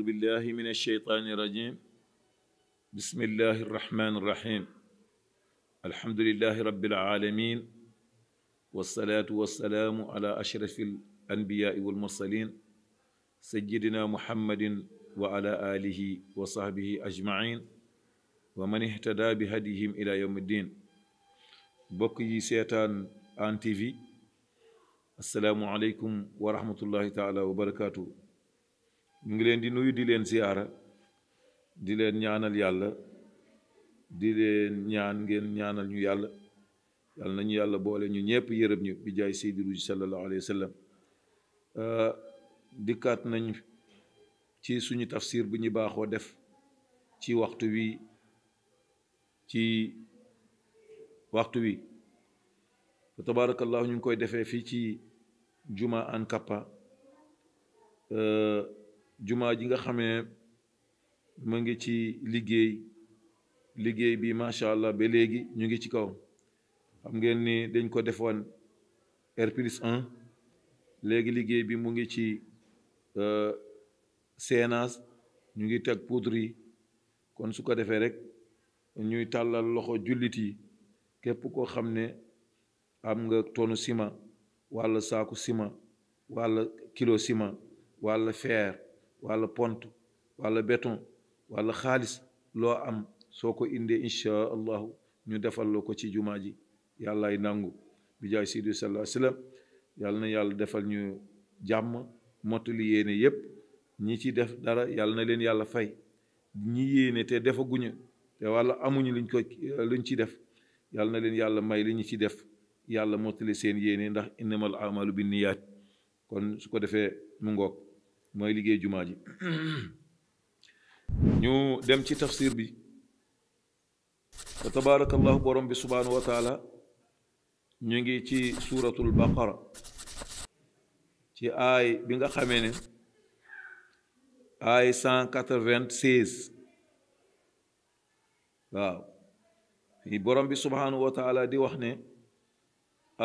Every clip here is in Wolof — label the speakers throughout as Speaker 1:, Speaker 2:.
Speaker 1: أعوذ بالله من الشيطان الرجيم بسم الله الرحمن الرحيم الحمد لله رب العالمين والصلاة والسلام على أشرف الأنبياء والمرسلين سيدنا محمد وعلى آله وصحبه أجمعين ومن اهتدى بهديهم إلى يوم الدين بقي سيطان آن تي في السلام عليكم ورحمة الله تعالى وبركاته mu ngi leen di nuyu di leen ziyaara di leen ñaanal yàlla di leen ñaan ngeen ñaanal ñu yàlla yàlla nañu yàlla boole ñu ñëpp yërëm ñu bi jaay seydi ruuj sallallahu alayhi wa euh, dikkaat nañ ci suñu tafsiir bu ñu baaxoo def ci waxtu wi ci waxtu wi fa tabaarakallahu ñu ngi koy defee fii ci juma an kappa euh, jumaa ji nga xamee mu ngi ci liggéey liggéey bi macha allah ba léegi ñu ngi ci kaw xam ngeen ni dañ ko defoon R plus léegi liggéey bi mu ngi ci CNAS euh, ñu ngi teg poudre yi kon su ko defee rek ñuy tàllal loxo jullit yi képp koo xam ne am nga tonu ciment walla saaku ciment walla kilo ciment walla fer wala pont walla béton wala xaalis loo am soo ko indee incha ñu defal la ko ci jumaa ji yàllaay nangu bi jaay sidi sallallahu alayhi wasallam yàlla na yàlla defal ñu jàmm mottali yéene yépp ñi ci def dara yàlla na leen yàlla fay ñi yéene te defaguñu wala amuñu liñ ko ci def yàlla na leen yàlla may li ñu ci def yàlla mottali seen yéene ndax innamal amalu bi niyaat kon su ko defee mu ngoog mooy liggéey jumaa ji ñu dem ci tafsir bi fa tabaarakallahu borom bi subhanahu wa taala ñu ngi ci suuratul baqara ci aay bi nga xamee ne aay cent quatre-vingt-seize waaw borom bi subhanahu wa taala di wax ne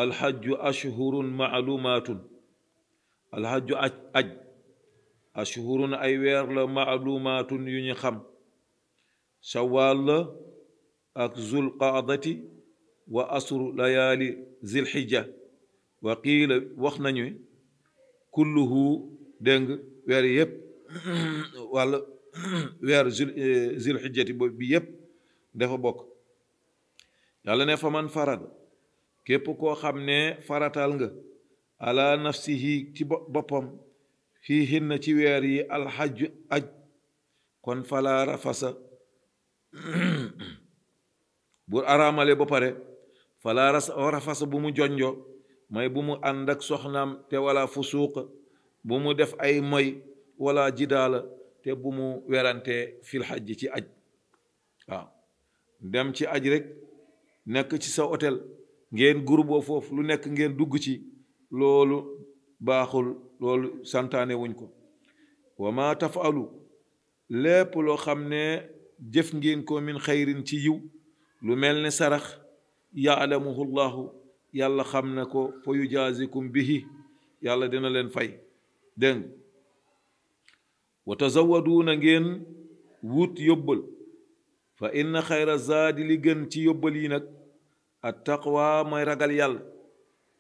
Speaker 1: alxajju ashhurun maalumaatun alxajju aj aj ashhurun ay weer la maalumaatun yu ñu xam shawaal la ak zulqaadati wa asru layali zilxija wa qiila wax nañu kulluhu déng wer yep wala weer zul zilxijati bi yépp dafa bokk yàlla ne fa man farada képp koo xam faratal nga ala nafsihi ci boppam fii na ci weer yi alxaju aj kon falaa rafasa bu araamale ba pare falaa bu mu jonjo may bu mu ànd ak soxnaam te wala suuq bu mu def ay moy wala jidaala te bu mu werante fil xaj ci aj waaw dem ci aj rek nekk ci sa hôtel ngeen gurboo foofu lu nekk ngeen dugg ci loolu baaxul loolu santaane wuñ ko wa ma tafalu lépp loo xam ne jëf ngeen ko min xayrin ci yiw lu mel ne sarax yaalamuhu yàlla xam ne ko fa yujaasikum bihi yàlla dina leen fay dégg wa tazawaduuna ngeen wut yóbbal fa inna xayra zaadi li gën ci yóbbal yi nag at taqwa mooy ragal yàlla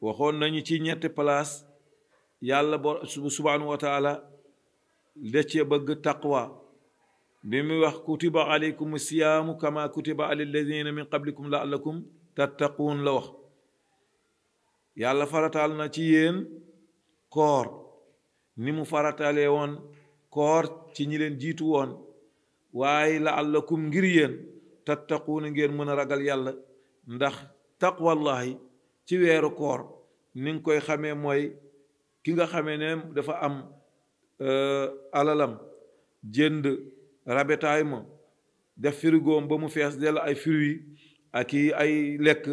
Speaker 1: waxoon nañu ci ñetti palaas yàlla bo subhanahu wa taala da bëgg taqwa bi muy wax kutiba aleykum siyaamu kama kutiba alal ladina min qablikum laallakum tattaquun la wax yàlla farataal na ci yéen koor ni mu farataalee woon koor ci ñi leen jiitu woon waaye laallakum ngir yéen tattaquuna ngeen mën a ragal yàlla ndax taqwallahi ci weeru koor ni koy xamee mooy ki nga xamee ne dafa am euh, alalam jënd rabetaay ma def firigoom ba mu fees dell ay fruits ak i ay lekk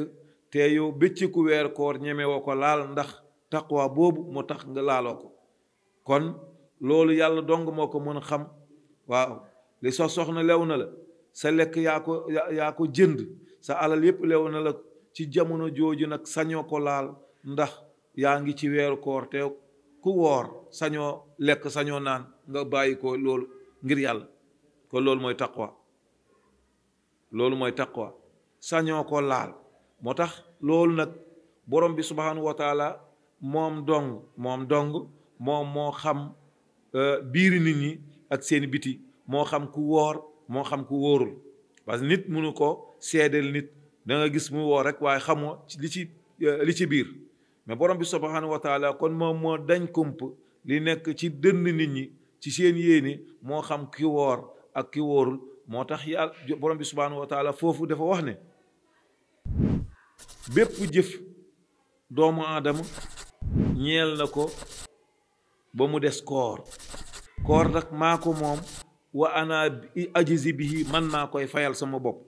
Speaker 1: te yow bëccëgu weer koor ñemewoo ko laal ndax taqwa boobu moo tax nga laaloo ko kon loolu yàlla dong moo ko mën a xam waaw li so soxna lew na la sa lekk yaa ko yaa ko jënd sa alal yépp lew na la ci jamono jooju nag sañoo ko laal ndax yaa ngi ci weeru koor te ku woor sañoo lekk sañoo naan nga bàyyi koo loolu ngir yàlla kon loolu mooy wa loolu mooy taqwa sañoo ko laal moo tax loolu nag borom bi subhanahu wotaala taala moom dong moom dong moom moo xam euh, biiri nit ñi ak seen biti moo xam ku woor moo xam ku woorul parce que nit mënu ko seedeel nit danga gis mu woor rek waaye xamoo li ci li ci euh, biir mais borom bi subhanahu wa taala kon moom moo dañ kump li nekk ci dënn nit ñi ci seen yéene moo xam ki woor ak ki moo tax yàlla borom bi subhanahu wa foofu dafa wax ne bépp jëf doomu aadama ñeel na ko ba mu des koor koor nag maa ko moom wa ana ajizi bihi man maa koy fayal sama bopp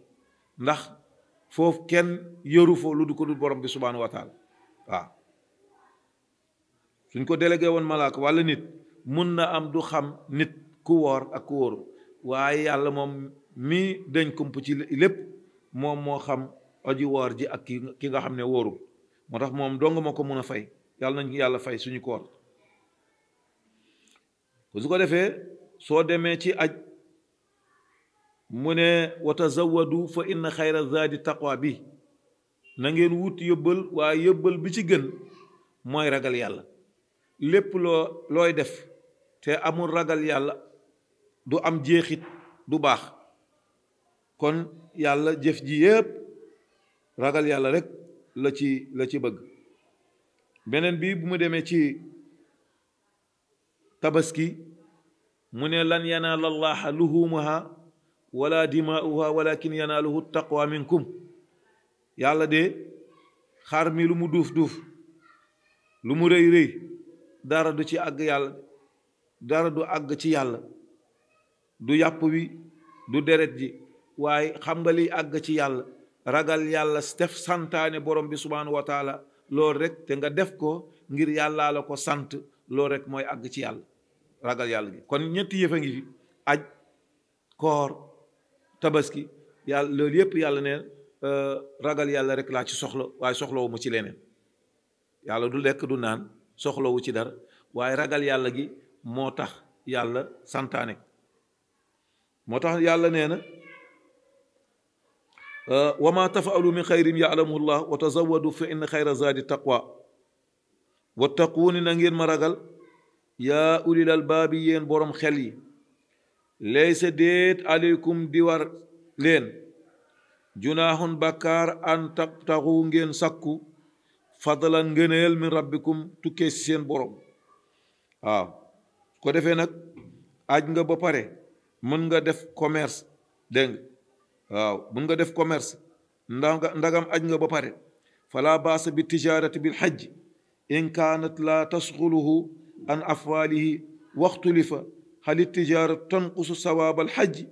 Speaker 1: ndax foofu kenn yëru foo lu du ko dul borom bi subhanahu wa taala suñ ko délégué woon malaaka walla nit mun na am du xam nit ku woor ak ku wóoru waaye yàlla moom mi dañ kump ci lépp moom moo xam aji woor ji ak ki nga xam ne wooru moo tax moom dong moo ko mun a fay yàlla nañ yàlla fay suñu koor su ko defee soo demee ci aj mu ne wa tazawadu fa inna xayra zaadi taqwa bi na ngeen wut yóbbal waaye yóbbal bi ci gën mooy ragal yàlla lépp looy def te amul ragal yàlla du am jeexit du baax kon yàlla jëf ji yépp ragal yàlla rekk la ci la ci bëgg beneen bi bu mu demee ci tabaski mu ne lan yanaala llaha luhuumuha wala dimaa'uha walakin yanaaluhu taqwa minkum yàlla de xar mi lu mu duuf duuf lu mu rëy rëy dara du ci àgg yàlla dara du àgg ci yàlla du yàpp wi du deret ji waaye xam àgg ci yàlla ragal yàlla def santaane borom bi subhaanahu wa taala loolu rek te nga def ko ngir yàlla la ko sant loolu rek mooy àgg ci yàlla ragal yàlla gi kon ñetti yëf a ngi fi aj koor tabaski yàlla loolu yépp yàlla neen euh, ragal yàlla rek laa ci soxla waaye soxlawuma ci leneen yàlla du lekk du naan soxlawu ci dara waaye ragal yàlla gi moo yàlla santaane moo tax yàlla nee na wa ma tafaalu min xayrin yaalamuhu llah wa tazawadu fa inna xayra zaadi taqwa wattaquuni na ngeen ma ragal ulil albaabi yéen borom xel yi laysa déet aleykum di war leen junaaxun bakkaar an tabtaxu ngeen sakku fadlan ngëneel من ربكم tukkee si seen borom waaw ko defee nag aj nga ba pare mën nga def commerce dégg nga waaw commerce ndax nga ndagam aj nga ba pare fala baasa bi tijarati bil xajj in kaanat laa tasxuluhu an afwalihi waxtulifa hal tijarat tanqusu sawaabal xajji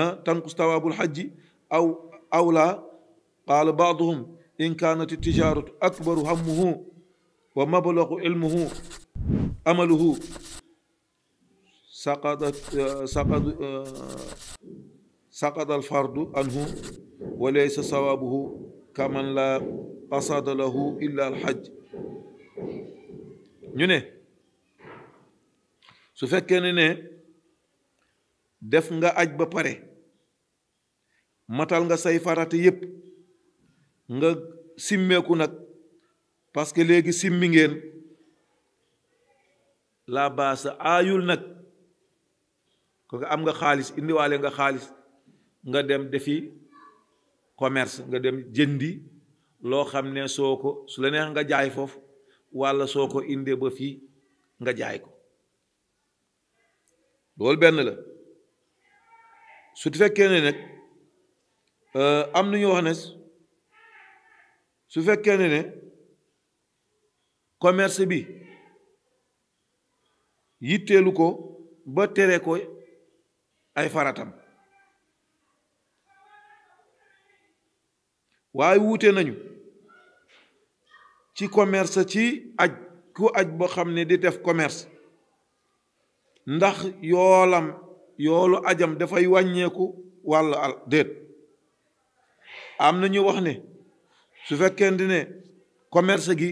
Speaker 1: ah tanqusu sawaabul xajji aw aw laa qaala baaduhum إن كانت التجارة أكبر همه ومبلغ علمه أمله سقطت سقط سقط الفرد عنه وليس صوابه كمن لا قصد له إلا الحج ñu ne su fekkee ne ne def nga aj ba pare matal nga say farata yépp nga simmeeku nag parce que léegi simmi ngeen laa baasa aayul nag ko am nga xaalis indiwaale nga xaalis nga dem defi commerce nga dem jëndi loo xam ne soo ko su la neex nga jaay foofu walla soo ko indee ba fii nga jaay ko loolu benn la su fekkee ne nag euh, am nu ñu wax ne su fekkee ne ne commerce bi yitteelu ko ba tere ko ay faratam waaye wuute nañu ci commerce ci aj ku aj boo xam ne di def commerce ndax yoolam yoolu ajam dafay wàññeeku wàll al déet am na ñu wax ne su fekkente ne commerce gi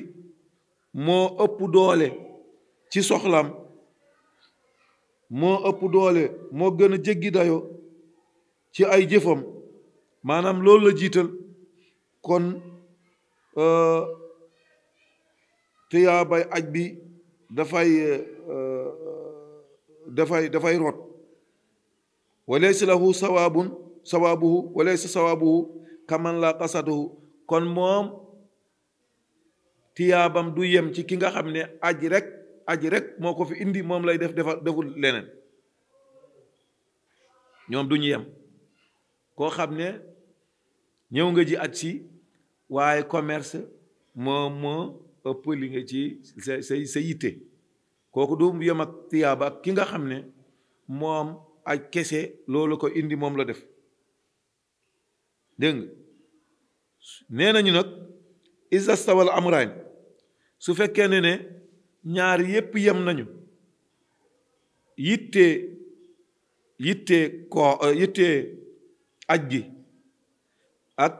Speaker 1: moo ëpp doole ci soxlaam moo ëpp doole moo gën a jéggi dayo ci ay jëfam maanaam loolu la jiital kon euh, tiyaabay aj bi dafay euh, dafay dafay rot walaysa lahu sawaabun sawaabuhu walaysa sawaabuhu kaman laa qasadahu kon moom tiyaabam du yem ci ki nga xam ne aj rek aj rek moo ko fi indi moom lay def defar deful leneen ñoom du yem koo xam ne ñëw nga ji aj si waaye commerce moo moo ëpp li nga ci sa sa yitte kooku du yem ak tiyaaba ak ki nga xam ne moom aj kese loolu ko indi moom la def dégg nee nañu nag isa stawal amrayn su fekkee ne ne ñaar yépp yem nañu yittee yittee ko yittee aj gi ak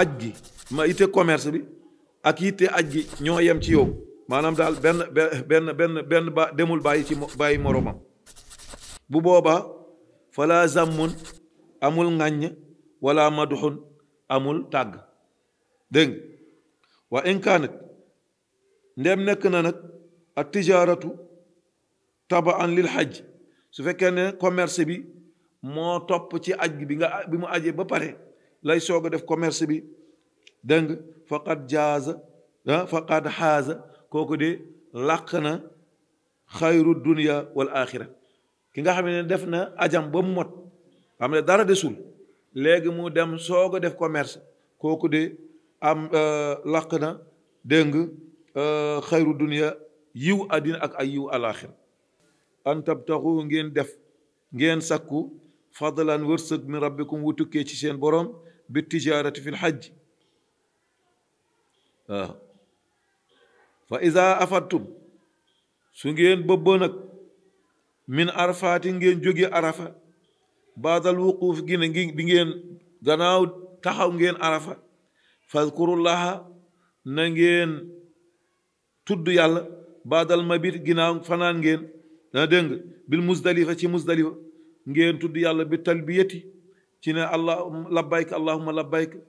Speaker 1: aj gi ma yittee bi ak yittee aj gi ñoo yem ci yow maanaam daal benn benn benn benn ba demul bàyyi ci bàyyi moromam bu booba fala zàmmun amul ŋàññ wala maduxun amul tag deng wa in kaanat ndem nek na nak at tijaratu taban lil xaj su fekkene commerce bi mo top ci aj bi nga bi mu ajé ba pare lay soog def commerce bi deng faqad jaaza faqad haza koku de lakna na dunya wal akhirah ki nga xam def na ajam ba mu mot xam dara desul léegi mu dem soog a def commerce kooku de am euh, làq na dégg nga euh, xayru dunia yiw àddina ak ay yiw alaaxir an tabtaxu ngeen def ngeen sakku fadlan wërsëg min rabbikum wu tukkee ci seen borom bi tijaarati fil xaj waaw fa iza afattum su ngeen bëbboo nag min arafaati ngeen jóge arafa بعد الوقوف جين جين دين غناو تخاو جين عرفة فاذكروا الله نجين تدو يالا بعد المبيت غناو فنان جين ندنج بالمزدلفة تي مزدلفة جين تدو يالا بتلبيتي تينا الله لبيك اللهم لبيك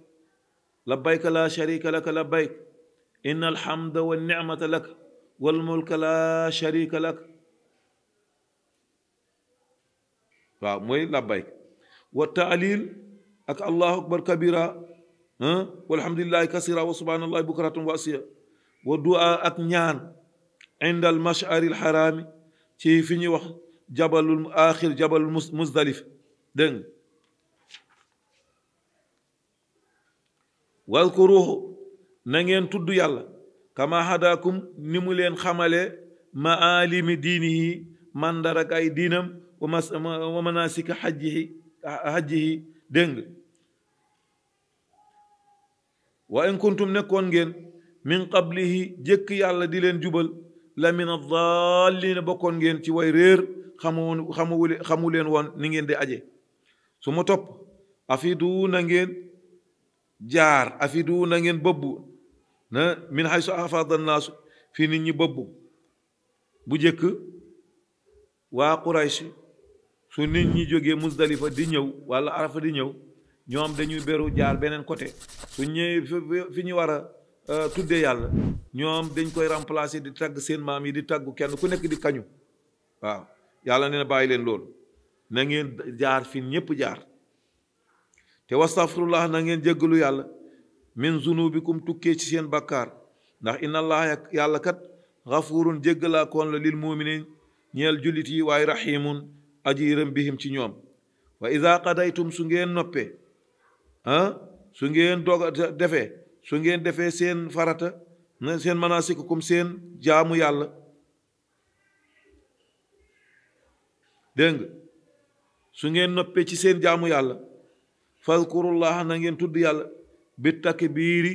Speaker 1: لبيك لا شريك لك لبيك إن الحمد والنعمة لك والملك لا شريك لك waaw mooy labbayk wa taalil ak allahu akbar kabira walhamdulillahi kasira wa subhanallahi bukratan wa asiya wa du'a ak ñaan inda al mash'ari al harami ci fi ñuy wax jabalul axir jabalul muzdalif dégg wadkuruhu na ngeen tudd yàlla kama hadakum ni mu leen xamale maalimi diinihi mandaraka ay diinam wa mas wa manasika xajjihi xajjihi wa in kuntum nekkoon ngeen min qablihi jëkk yàlla di leen jubal la min adallina bokkoon ngeen ci way réer xamuwoon xamuwul xamu leen woon ni ngeen di aje su ma topp afidu na ngeen jaar afidu na ngeen bëbbu na min xaysu afada annaasu fii nit ñi bëbbu bu jëkk waa Quraysh su nit ñi jógee Musdalifa di ñëw wala Arafa di ñëw ñoom dañuy beru jaar beneen côté su ñëwee fi ñu war a euh, tuddee yàlla ñoom dañ koy remplacer di tagg seen maam yi di taggu kenn ku nekk di kañu waaw yàlla nee bàyyi leen loolu na ngeen jaar fi ñépp jaar te wastafirullah na ngeen jéggalu yàlla bi zunubikum tukkee ci seen bakkaar ndax inna allah yàlla kat xafurun jéggalaakoon la lil muminin ñeel jullit yi waaye raximun aji yërëm bihim ci ñoom wa ida qadaytum su ngeen noppee ah, su ngeen doog defee su ngeen defee seen farata seen manasikukum seen jaamu yàlla dégg su ngeen noppee ci seen jaamu yàlla fadkurullaha na ngeen tudd yàlla bi takbiiri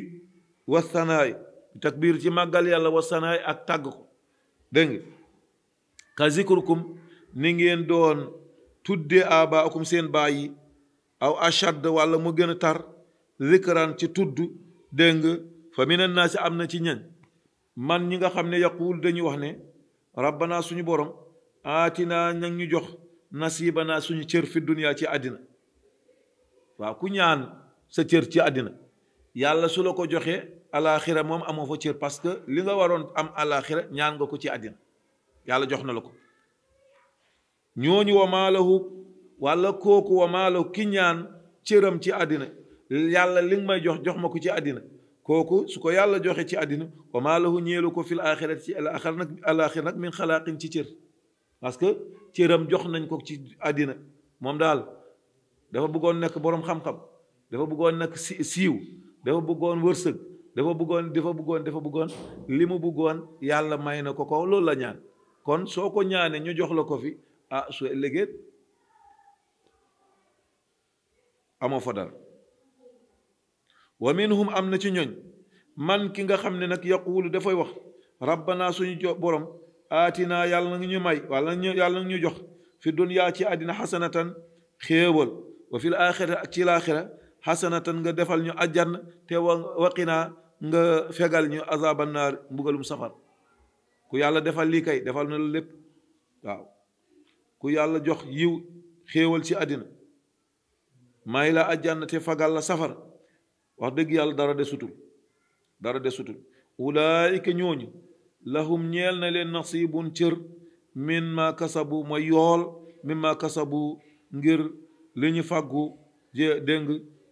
Speaker 1: wasanaay takbiir ci màggal yàlla wasanaay ak tàgg ko dégg ka zikrukum ni ngeen doon tuddee abaakum seen baay yi aw ashad walla mu gën a tar zikran ci tudd dégg nga fa mina naasi am na ci ñañ man ñi nga xam ne yàquwul dañu wax ne rabbana suñu boroom aatina nag ñu jox nasibana suñu cër fi duniyaa ci àddina waaw ku ñaan sa cër ci àddina yàlla su la ko joxee alaaxira moom amoo fa cër parce que li nga waroon am alaaxira ñaan nga ko ci àddina yàlla jox na la ko ñooñu wa maalahu walla kooku wa maalahu ki ñaan cëram ci àddina yàlla li nga may jox jox ma ko ci àddina kooku su ko yàlla joxe ci àddina wa maalahu ñeelu ko fil aaxirat ci alaaxir nag alaaxir nag min xalaaqin ci cër parce que cëram jox nañ ko ci àddina moom daal dafa bëggoon nekk boroom xam-xam dafa bëggoon nekk siiw dafa bëggoon wërsëg dafa bëggoon dafa bëggoon dafa bëggoon li mu bëggoon yàlla may na ko ko loolu la ñaan kon soo ko ñaanee ñu jox la ko fi ah su ëllëgee amoo fa dara wa minhum am na ci ñooñ man ki nga xam ne nag yaquulu dafay wax rabbana suñu borom aatina yàlla na ñu may wala yàlla na ñu jox fi dunyaa ci àddina xasanatan xéewal wa fil aaxira ak ci laaxira xasanatan nga defal ñu àjjan te waqinaa nga fegal ñu azaaban naar mbugalum safar ku yàlla defal lii kay defal na la lépp waaw ku yàlla jox yiw xéewal ci àddina may la àjjana te fagal la safara wax dëgg yàlla dara desutul dara desutul ulaayika ñooñu lahum ñeel na leen nasibun cër min ma kasabu ma yool min ma kasabu ngir li ñu fàggu dégg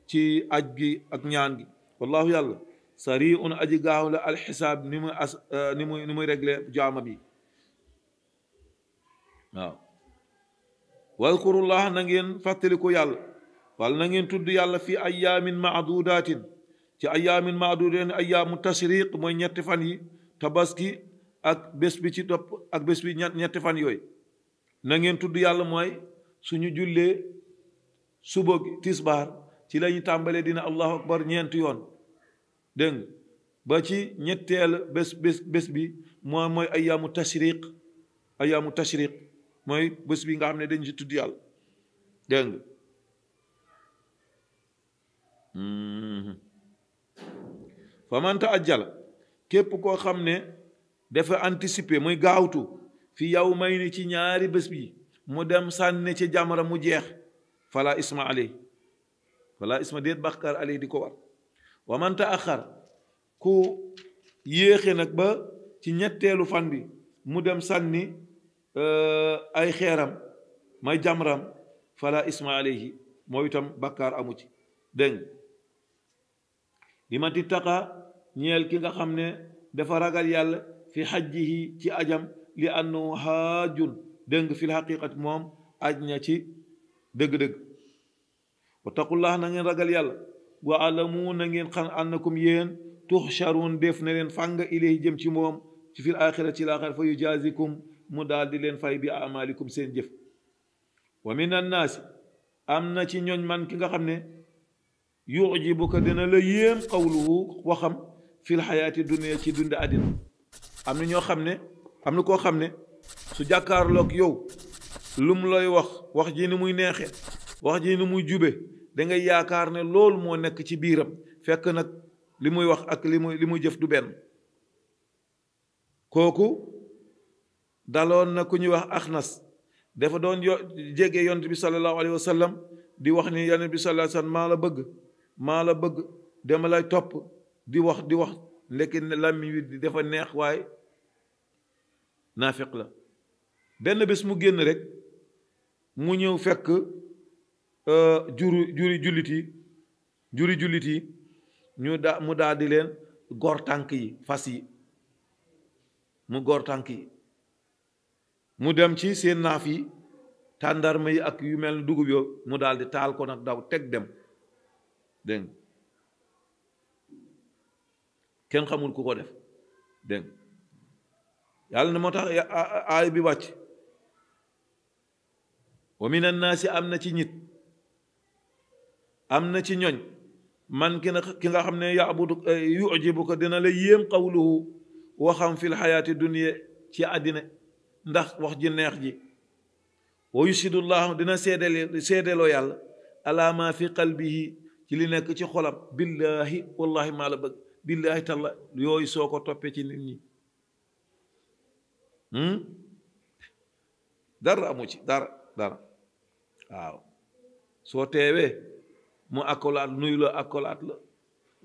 Speaker 1: ci aj gi ak ñaan gi wallaahu yàlla sari aji gaaw la alxisaab ni muy as euh, ni muy ni muy réglé jaamam yi waaw wadkurullah na ngeen fàttaliku yàlla wala na ngeen tudd yàlla fi ayaamin maadudatin ci ayaamin maadudatin ayaamu tashriq mooy ñetti fan yi tabaski ak bés bi ci topp ak bés bi ñetti fan yooy na ngeen tudd yàlla mooy su ñu jullee suba tisbaar ci lañu tàmbalee dina allahu akbar ñeenti yoon deng ba ci ñettel bes bes bes bi moy moy ayyamu tashriq ayyamu tashriq moy bes bi nga xamne dañ ci tudd yàlla deng nga hmm. faman taajjala képp koo xam dafa anticiper moy gawtu fi yawmayni ni ci ñaari bes bi mu dem sanne ci jamra mu jeex fala isma ali fala isma deet bakkar ali di ko war wa man taaxar ku yéexe nag ba ci ñetteelu fan bi mu dem sànni euh, ay xeeram may jamram fala isma alayhi moo itam bàkkaar amu ci dégg li ma ti ñeel ki nga xam ne dafa ragal yàlla fi xajjihi ci ajam li annahu xaajun dégg fi lxaqiqat moom aj na ci dëgg-dëgg wa taqullah na ragal yàlla wa alamu na ngeen xam na annakum yéen tuxsharun def na leen fànga ilay jëm ci moom ci fil axira ci laaxar fa yujazikum mu daal di leen fay bi amalikum seen jëf wa min annaasi am na ci ñooñ man ki nga xam ne yujibuka dina la yéem qawluhu waxam fil xayaati dunya ci dundi àddina am na ñoo xam ne am na koo xam ne su jàkkaarloog yow lum looy wax wax ji ni muy neexe wax ji ni muy jube da ngay yaakaar ne loolu moo nekk ci biiram fekk nag li muy wax ak li muy li muy jëf du benn kooku daloon na ku ñuy wax axnas dafa doon jege yonent bi sallallahu alayhi wa sallam di wax ni yonent bi sallallahu alayhi maa la bëgg maa la bëgg dama topp di wax di wax ndekki làmmiñ wi dafa neex waaye naafiq la benn bis mu génn rek mu ñëw fekk Euh, juru juri jullit yi juri jullit yi ñu da mu daal leen gor tànk yi fas yi mu gor tànk yi mu dem ci seen naaf yi tàndarma yi ak yu mel ni dugub yo mu daldi taal ko nag daw teg dem dégg kenn xamul ku ko def dégg yàlla ne moo tax aay bi wàcc wa min annaasi am na ci nit am na ci ñoñ man ki na ki nga xam ne yabudu yujibu ko dina la yéem qawluhu waxam fil xayaati dunya ci àddina ndax wax ji neex ji wa yusidu llahu dina seedeel seedeeloo yàlla ala ma fi qalbihi ci li nekk ci xolam billaahi wallahi maa la bëgg billaahi talla yooyu soo ko toppee ci nit ñi hmm? dara amu ci dara dara waaw soo teewee mu akolaat nuyu la akolaat la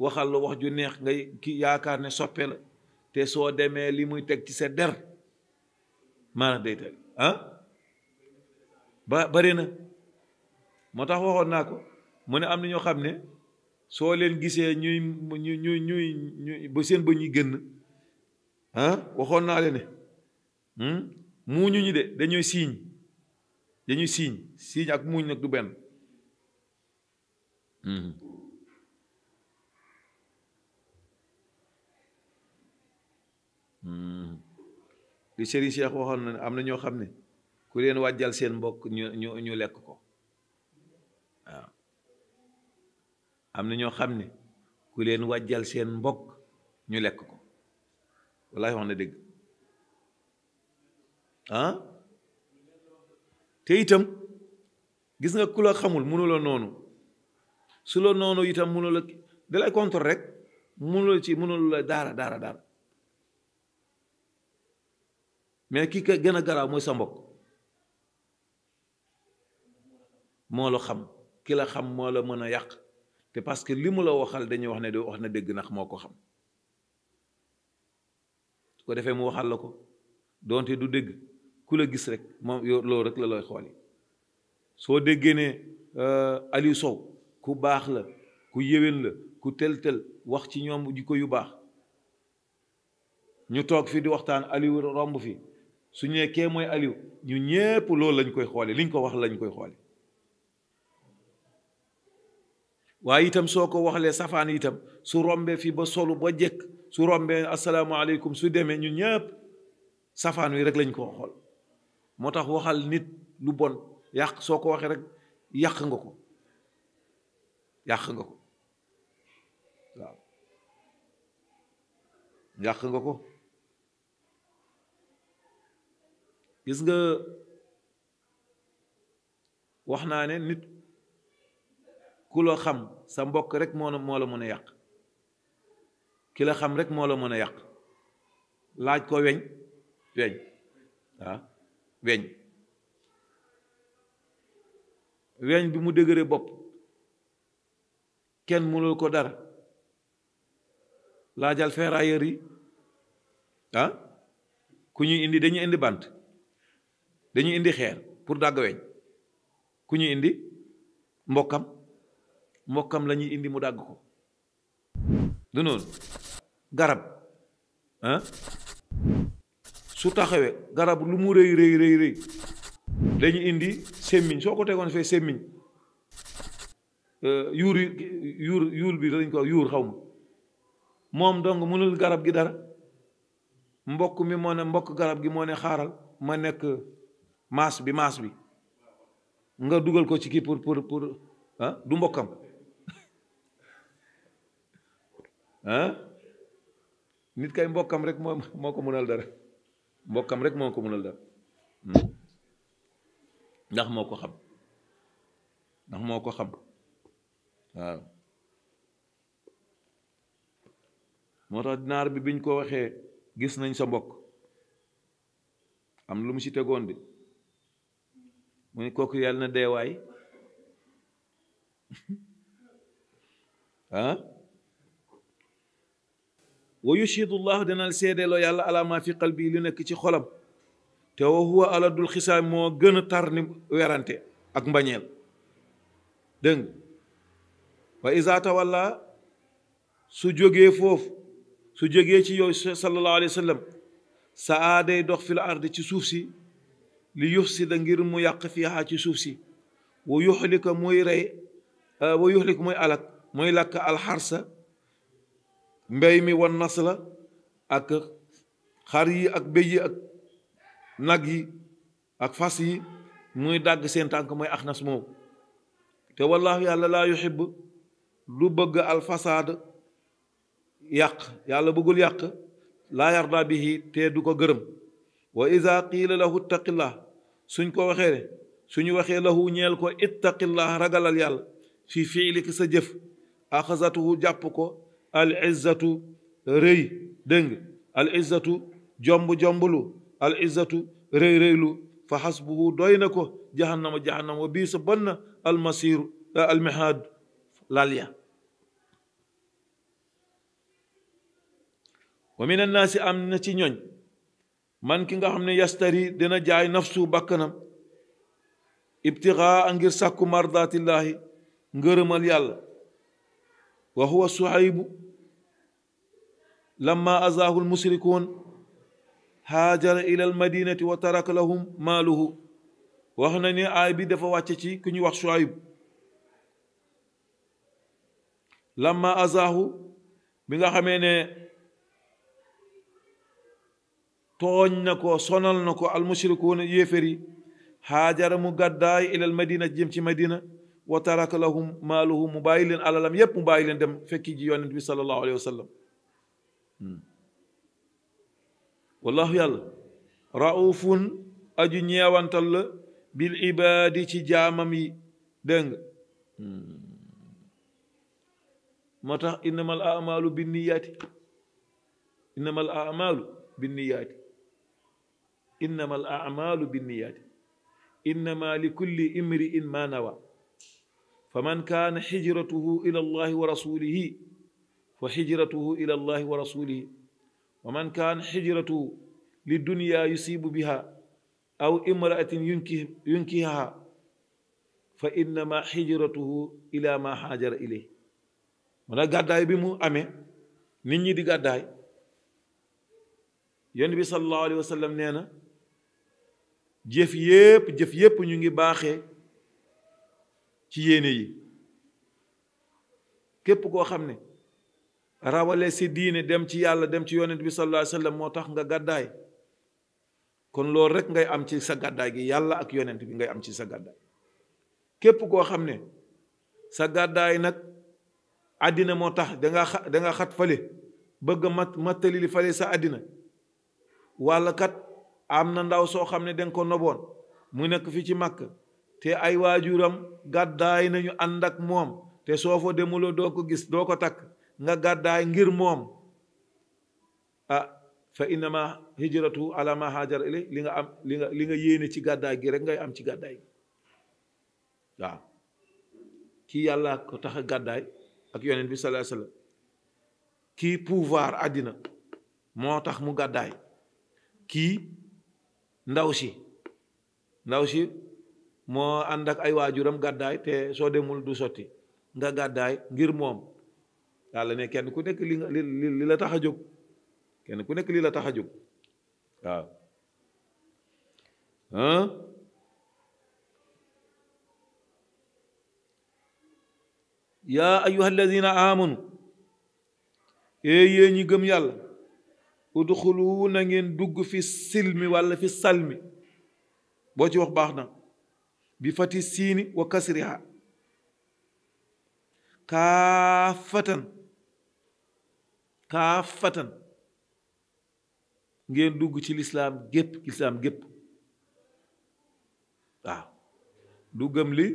Speaker 1: waxal la wax ju neex ngay ki yaakaar ne soppe la te soo demee li muy teg ci sa der maanaam day teg ah ba bëri na moo tax waxoon naa ko mu ne am na ñoo xam ne soo leen gisee ñuy ñuy ñuy ñuy ba seen ba ñuy génn ah waxoon naa leen ne hmm, muuñu ñu de dañuy siiñ dañuy siiñ siiñ ak muuñ nag du benn Mm-hmm. Mm-hmm. li Serigne Cheikh waxoon na am na ñoo xam ne ku leen wàjjal seen mbokk ñu lekk ko am na ñoo xam ne ku leen wàjjal seen mbokk ñu lekk ko wallaahi wax na dëgg ah? te itam gis nga ku la xamul mënuloo noonu su la noonu itam mënu la dalay contre rek mënu la ci mënu la daara daara daara mais kii ka gën a garaaw mooy sa mbokk moo la xam ki la xam moo la mën a yàq te parce que li mu la waxal dañuy wax ne di wax na dégg ndax moo ko xam su ko defee mu waxal la ko doonte du dégg ku la gis rek moom yow loolu rek la lay xooli soo déggee ne euh, Aliou soow ku baax la ku yéwén la ku tel-tel wax ci ñoom ko yu baax ñu toog fii di waxtaan Aliou romb fii su ñëwee kee mooy Aliou ñu ñépp loolu lañ koy xoole liñ ko wax lañu koy xoole waaye itam soo ko waxlee safaan itam su rombee fii ba solu ba jekk su rombee asalaamaaleykum su demee ñu ñépp safaan wi rek lañ ko xool moo tax waxal nit lu bon yàq soo ko waxee rek yàq nga ko yàq nga ko waaw yàq nga ko gis nga wax naa ne nit ku la xam sa mbokk rek moo la moo la mën a yàq ki la xam rek moo la mën a yàq laaj ko weñ weñ ah weñ weñ bi mu dëgëre bopp kenn mënul ko dara laajal ferrailleur yi ah, ku ñuy indi dañuy indi bant dañuy indi xeer pour dàgg weñ ku ñuy indi mbokkam mbokkam lañuy indi mu dàgg ko du noonu garab ah su taxawee garab lu mu rëy rëy rëy rëy dañuy indi semmiñ soo ko tegoon fee semmiñ Euh, yuur yuur yuur bi lañ ko yuur xaw moom donc mënul garab gi dara mbokk mi moo ne mbokk garab gi moo ne xaaral ma nekk mas bi maas bi nga dugal ko ci kii pour pour pour ah, du mbokkam ah nit kay mbokkam rek moo moo ko mënal dara mbokkam rek moo ko mënal dara hmm. ndax moo ko xam ndax moo ko xam waaw moo tax naar bi biñ ko waxee gis nañ sa mbokk am lu mu ci tegoon de mu ne kooku yàlla na deewaay ah wa yushidu llahu danal seedeeloo yàlla alaa maa fi lu nekk ci xolam te wa huwa aladul moo gën a tar ni werante ak mbañeel dëng wa iza walla su jógee foofu su jógee ci yow sallallahu alayhi wa sallam dox fil ardi ci suuf si li yufsida ngir mu yàq fiihaa ci suuf si wa yuxlika rey euh, wa yuxlik muy alak muy lakk alxarsa mbéy mi wan nas la ak xar yi ak béy yi ak nag yi ak fas yi muy dàgg seen tànk mooy axnas moom te wallaahu yàlla laa yuxibu lu bëgg fasad yàq yàlla bëggul yàq la yarda bihi te du ko gërëm wa iza qila lahu taqilla suñ ko waxé suñu waxé lahu ñeel ko ittaqilla ragalal yàlla fi fiiliki sa jëf akhazatuhu jàpp ko al izzatu reey dëng al izzatu jombu jombulu al izzatu reey reeylu fa hasbuhu doyna ko jahannama jahannama bi bii sa al masir al mihad لاليا wa min annaasi am na ci ñooñ man ki nga xam ne yastari dina jaay nafsu bakkanam ibtigaa ngir sàkku mardatillahi ngërëmal yàlla wa huwa suhaybu lamma azaahu almusrikuun haajara ila almadinati wa taraka lahum maaluhu wax na ne aay bi dafa wàcce ci ku ñuy wax suhaybu lamma azahu bi nga xamee ne tooñ na ko sonal na ko almushrikuuna yéefér yi haajara mu gàddaay ilal madina jëm ci madina wa taraka lahum maaluhu mu bàyyi leen alalam yépp mu bàyyi leen dem fekki ji yonent bi salallahu alayhi wa sallam wallahu yàlla raufun aju ñeewantal la bil ibaadi ci jaamam yi dégg nga moo tax innamal amalu binniyaati innamal amalu binniyaati innamal amalu binniyaati innama li kulli imri فمن كان حجرته إلى الله ورسوله فحجرته إلى الله ورسوله ومن كان حجرته للدنيا يصيب بها أو امرأة ينكهها فإنما حجرته إلى ما حاجر إليه mu ne gàddaay bi mu amee nit ñi di gàddaay yonent bi sallallahu alayhi nee na jëf yépp jëf yépp ñu ngi baaxee ci yéene yi képp koo xam ne rawale si diine dem ci yàlla dem ci yonent bi sallallahu alayhi moo tax nga gàddaay kon loolu rek ngay am ci sa gàddaay gi yàlla ak yonent bi ngay am ci sa gàddaay képp koo xam ne sa gàddaay nag àddina moo tax danga xat fële bëgg mat mattali li fële sa àddina walla kat am na ndaw soo xam ne danga ko noboon mu nekk fi ci màkk te ay waajuram gàddaay nañu ànd ak moom te soo fa demuloo doo ko gis doo ko takk nga gàddaay ngir moom ah fa innama hijratu ala ma hajar ilay li nga am li nga li nga yéene ci gàddaay gi rek ngay am ci gàddaay gi waaw kii yàlla ko tax a gàddaay ak yonent bi sallallahu alayhi wa sallam kii pouvoir àddina moo tax mu gàddaay kii ndaw si ndaw si moo ànd ak ay waajuram gàddaay te soo demul du sotti nga gàddaay ngir moom yàlla ne kenn ku nekk li nga li la tax a jóg kenn ku nekk li la tax a jóg waaw yaa ayuha alladina amanu ee ñi gëm yàlla udxulu na ngeen dugg fi silmi walla fi salmi boo ci wax baax na bi fati siini wa kasriha kaafatan kaafatan ngeen dugg ci lislaam gépp lislaam gépp waaw du gëm li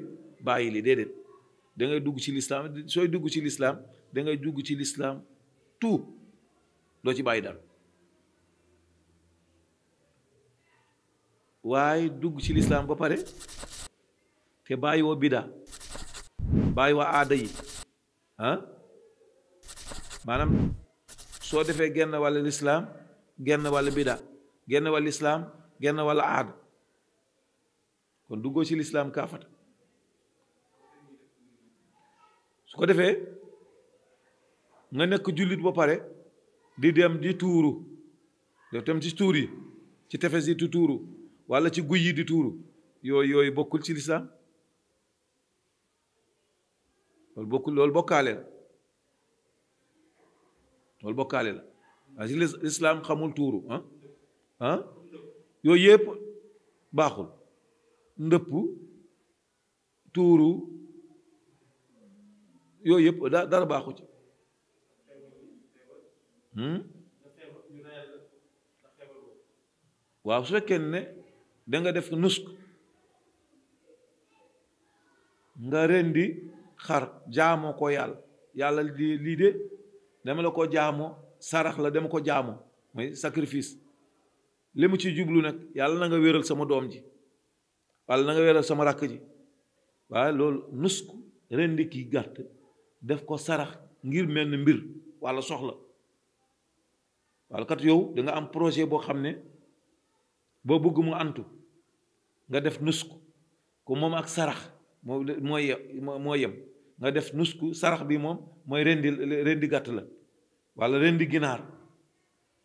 Speaker 1: bàyyi li déedéet dangay dugg ci lislaam sooy dugg ci lislaam dangay dugg ci lislaam tout doo ci bàyyi dara waaye dugg ci lislaam ba pare te bàyyi woo bida bàyyi aada yi ah? maanaam soo defee genn walla lislaam genn wàll bida genn wàll lislaam genn wàll aada kon duggoo ci lislaam kaafata su ko defee nga nekk jullit ba pare di dem di tuuru doo dem ci tuur yi ci tefes yi tu tuuru walla ci guy yi di tuuru yooyu yooyu bokkul ci lislaam loolu bokkul loolu bokkaale la loolu bokkaale la waa ci lislaam xamul tuuru ah ah yooyu yëpp baaxul ndëpp tuuru yooyu yëpp dara baaxu ci hmm? waaw su fekkee ne danga nga def nusk nga rendi xar jaamoo ko yàlla yàlla lii de dama la ko jaamoo sarax la dama ko jaamoo mooy sacrifice li mu ci jublu nag yàlla na nga wéral sama doom ji walla na nga wéral sama rakk ji waaye loolu nusk rendi kii gàtt def ko sarax ngir mel ni mbir walla soxla walla kat yow danga am projet boo xam ne boo bëgg mu antu nga def nusku ko moom ak sarax moo mooy yem nga def nus ko sarax bi moom mooy rendi rendi gàtt la walla rendi ginaar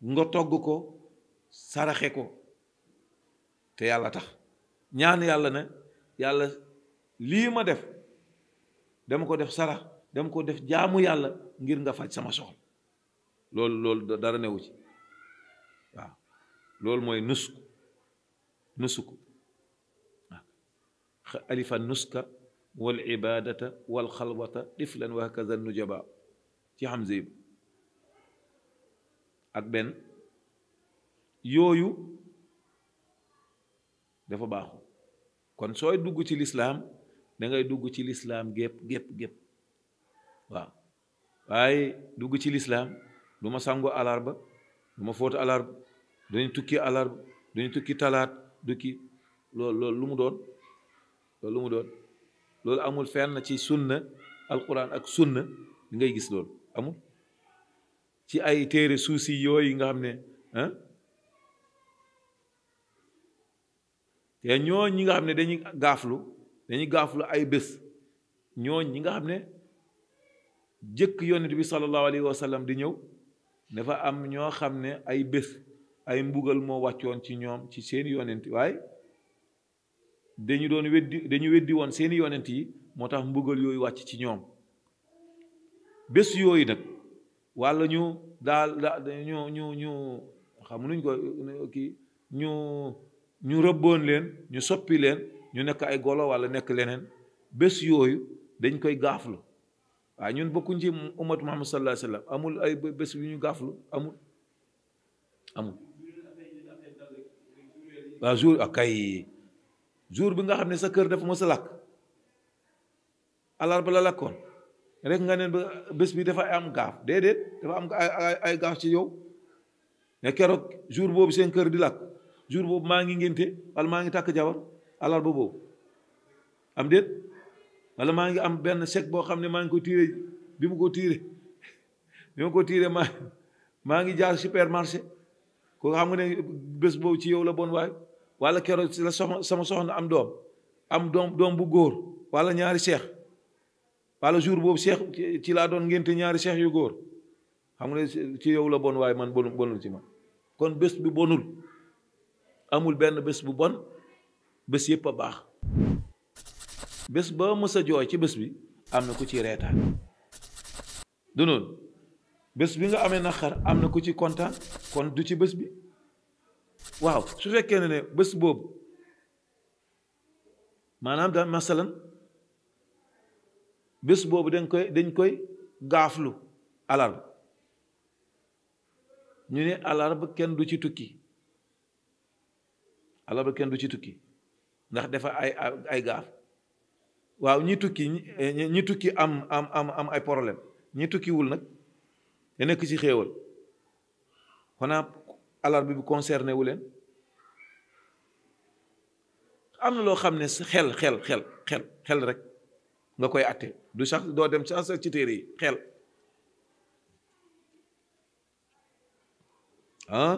Speaker 1: nga togg ko saraxe ko te yàlla tax ñaan yàlla ne yàlla lii ma def dama ko def sarax dam ko def jaamu yàlla ngir nga faj sama soxla loolu loolu dara newu ci waaw loolu mooy nusk nusuk waaw alifa nuska wal ibadata wal xalwata tiflan wa hakaza nujaba ci xam yi ak benn yooyu dafa baaxu kon sooy dugg ci lislaam dangay dugg ci lislaam gépp gépp gépp waaw waaye dugg ci lislaam du ma sangu alarba du ma fóotu alarba dañu tukki alarba dañu tukki talaat dukki loolu loolu lu mu doon loolu lu mu doon loolu amul fenn ci sunna alquran ak sunna li gis loolu amul ci ay téere suusi yooyu nga xam ne ah te ñooñ ñi nga xam ne dañuy gaaflu dañuy gaaflu ay bés ñooñ ñi nga xam ne jëkk yonent bi sallallahu alayhi wa di ñëw dafa am ñoo xam ne ay bés ay mbugal moo wàccoon ci ñoom ci seeni yonent waaye dañu doon weddi dañu weddi woon seeni yonent yi moo tax mbugal yooyu wàcc ci ñoom bés yooyu nag walla ñu daal ñu ñu ñu xam nuñ ko kii ñu ñu rëbboon leen ñu soppi leen ñu nekk ay golo walla nekk leneen bés yooyu dañ koy gaaflu waaw ñun bokkuñ ci ummatu Muhammad sallallahu alayhi amul ay bés yu ñu gaaflu amul amul waaw jour ak ah, kay jour bi nga xam ne sa kër dafa mos a lakk alarba la lakkoon rek nga neen ba bés bi dafa am gaaf déedéet dafa am ay gaaf ci yow ne keroog jour boobu seen kër di lakk jour boobu maa ngi ngénte wala maa ngi tàkk jabar alarba boobu am déet wala maa ngi am benn chèque boo xam ne maa ngi ko tiire bi mu ko tiire bi mu ko tiire maa maa ngi jaar supermarché ko xam nga ne bés boobu ci yow la bon waaye wala keroog la soxna sama soxna am doom am doom doom bu góor wala ñaari seex walla jour boobu seex ci laa doon ngénte ñaari seex yu góor xam nga ne ci yow la bon waaye man bonul bonul ci man kon bés bu bonul amul benn bés bu bon bés yépp a baax bés ba mës a jooy ci bés bi am na ku ci reetaan du bés bi nga amee naqar am na ku ci kontaan kon du ci bés bi waaw su fekkee ne ne bés boobu maanaam daal masalan bés boobu dañ koy dañ koy gaaflu alarba ñu ne alarba kenn du ci tukki alarba kenn du ci tukki ndax defa ay ay gaaf waaw ñi tukki ñi tukki am am am am ay problème ñi tukkiwul nag da nekk ci xéewal xanaa alarba bi concerné wu leen am na loo xam ne xel xel xel xel xel rek nga koy atte du sax doo dem sax ci téere yi xel ah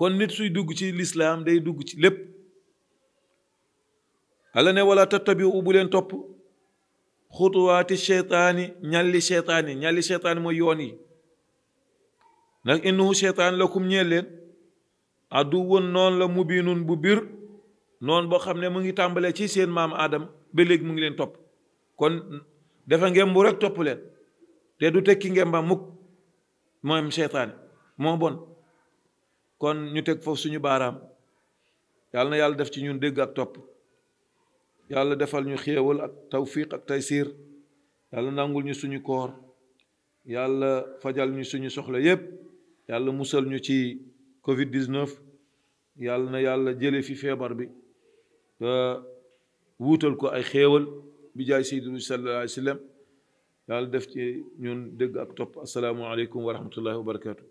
Speaker 1: kon nit suy dugg ci lislaam day dugg ci lépp ala ne wala tattabiu bu leen topp xutuwaati seetaani ñalli cheytaani ñalli cheytaani yoon yi ndax seetaan la lakum ñeel leen addu woon noonu la mubinun bu biir noon boo xam ne mu ngi tàmbalee ci seen maam aadam ba léegi mu ngi leen topp kon dafa ngem bu rek topp leen te du tekki ngembam mukk moom cheytaani moo bon kon ñu teg foofu suñu baaraam yàlla na yàlla def ci ñun dégg ak topp yàlla defal ñu xéewal ak tawfiq ak taysir yàlla nangul ñu suñu koor yàlla fajal ñu suñu soxla yépp yàlla musal ñu ci covid 19 yàlla na yàlla jële fi feebar bi te wuutal ko ay xéewal bi jaay sayyidina sallallahu alayhi wasallam yàlla def ci ñun dégg ak topp asalaamu alaykum wa rahmatullahi wa barakatuh